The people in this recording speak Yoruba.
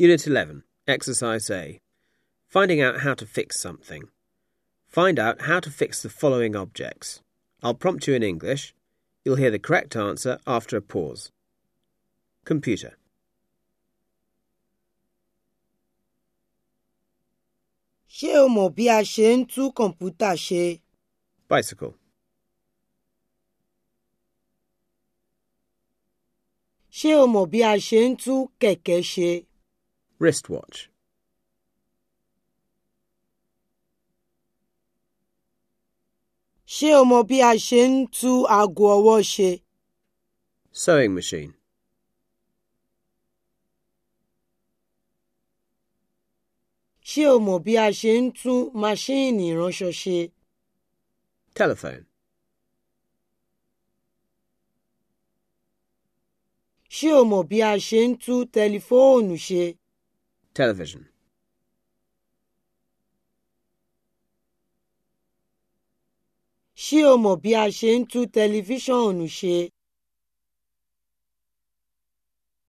Unit 11, Exercise A. Finding out how to fix something. Find out how to fix the following objects. I'll prompt you in English. You'll hear the correct answer after a pause. Computer. Ṣé o mọ̀ bí a ṣe ń ṣe? Bicycle. Ṣé o mọ̀ bí a ṣe ń kẹ̀kẹ́ ṣe? Wristwatch. Ṣé o mọ bí a ṣe ń tú aago ọwọ́ ṣe? Sewing machine. Ṣé o mọ̀ bí a ṣe ń tún maṣíìnì ìránṣọ ṣe? Telephone. Ṣé o mọ̀ bí a ṣe ń tún tẹlifóònù ṣe? television Ṣé o mọ bí a ṣe ń tún tẹlifíṣọ̀n ṣe?